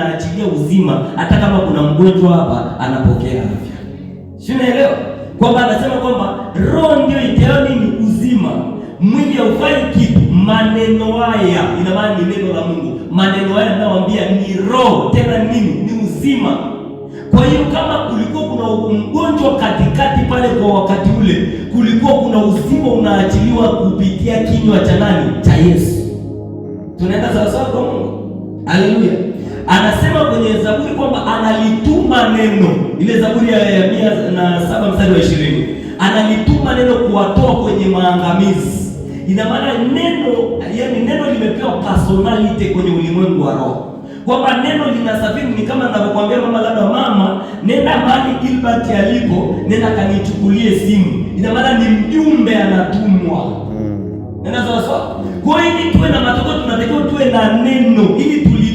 unaachilia uzima, hata kama kuna mgonjwa hapa anapokea afya. Si unaelewa kwamba anasema kwamba roho ndio itayo nini? Uzima. Mwili haufai kitu. Maneno haya, ina maana ni neno la Mungu. Maneno haya ninawaambia ni roho, tena nini? Ni uzima. Kwa hiyo kama kulikuwa kuna mgonjwa katikati pale, kwa wakati ule kulikuwa kuna uzima unaachiliwa kupitia kinywa cha nani? Cha Yesu. Tunaenda sawasawa kwa Mungu. Haleluya kwenye Zaburi kwamba analituma neno, ile Zaburi ya mia na saba mstari wa ishirini analituma neno kuwatoa kwenye maangamizi. Ina maana neno, yani neno limepewa personality kwenye ulimwengu wa roho, kwamba neno linasafiri. Ni kama ninavyokuambia mama, labda mama, nenda mahali Gilbert alipo, nenda kanichukulie simu. Ina maana ni mjumbe anatumwa hmm. Nenda sawa sawa. Kwa hiyo ili tuwe na matokeo, tunatakiwa tuwe na neno ili